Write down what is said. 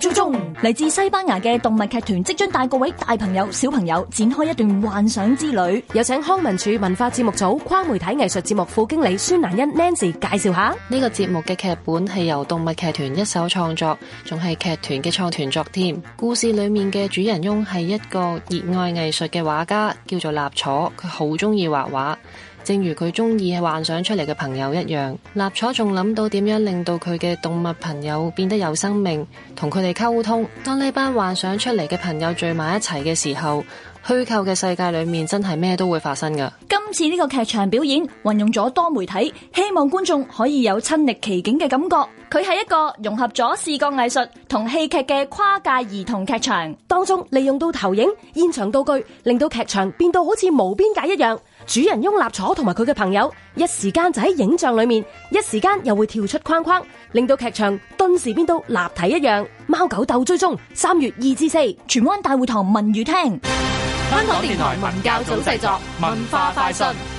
祖嚟自西班牙嘅動物劇團，即將帶各位大朋友、小朋友展開一段幻想之旅。有請康文署文化節目組跨媒體藝術節目副經理孫蘭欣 （Nancy） 介紹下呢個節目嘅劇本係由動物劇團一手創作，仲係劇團嘅創團作添。故事裏面嘅主人翁係一個熱愛藝術嘅畫家，叫做立楚，佢好中意畫畫。正如佢中意幻想出嚟嘅朋友一樣，立楚仲諗到點樣令到佢嘅動物朋友變得有生命，同佢哋溝通。當呢班幻想出嚟嘅朋友聚埋一齊嘅時候。虛構嘅世界裏面真係咩都會發生噶。今次呢個劇場表演運用咗多媒體，希望觀眾可以有親歷其境嘅感覺。佢係一個融合咗視覺藝術同戲劇嘅跨界兒童劇場，當中利用到投影、現場道具，令到劇場變到好似無邊界一樣。主人翁立坐同埋佢嘅朋友一時間就喺影像裏面，一時間又會跳出框框，令到劇場頓時變到立體一樣。貓狗鬥追蹤，三月二至四，荃灣大會堂文娛廳。香港電台文教組製作，文，作文化快訊。